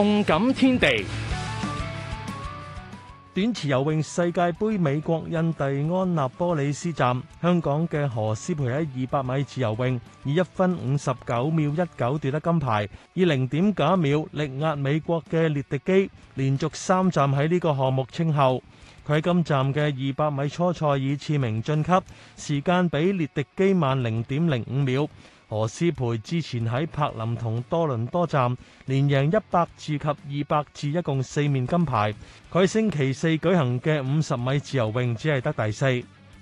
動感天地，短池游泳世界盃美國印第安納波利斯站，香港嘅何詩蓓喺二百米自由泳以一分五十一秒一九奪得金牌，以零點九一秒力壓美國嘅列迪姬，連續三站喺呢個項目稱后，佢喺今站嘅二百米初賽以次名晉級，時間比列迪姬慢零點零五秒。何詩蓓之前喺柏林同多倫多站連贏一百自及二百自，一共四面金牌。佢星期四舉行嘅五十米自由泳只係得第四。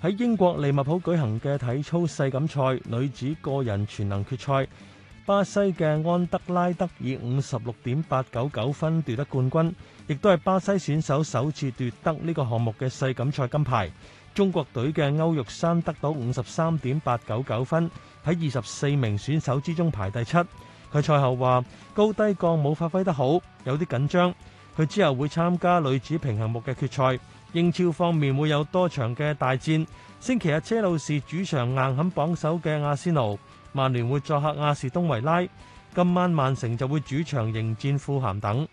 喺英國利物浦舉行嘅體操世錦賽女子個人全能決賽，巴西嘅安德拉德以五十六點八九九分奪得冠軍，亦都係巴西選手首次奪得呢個項目嘅世錦賽金牌。中國隊嘅歐鈺珊得到五十三點八九九分。喺二十四名選手之中排第七，佢賽後話高低槓冇發揮得好，有啲緊張。佢之後會參加女子平衡木嘅決賽。英超方面會有多場嘅大戰，星期日車路士主場硬啃榜首嘅阿仙奴，曼聯會作客亞士東維拉，今晚曼城就會主場迎戰富咸等。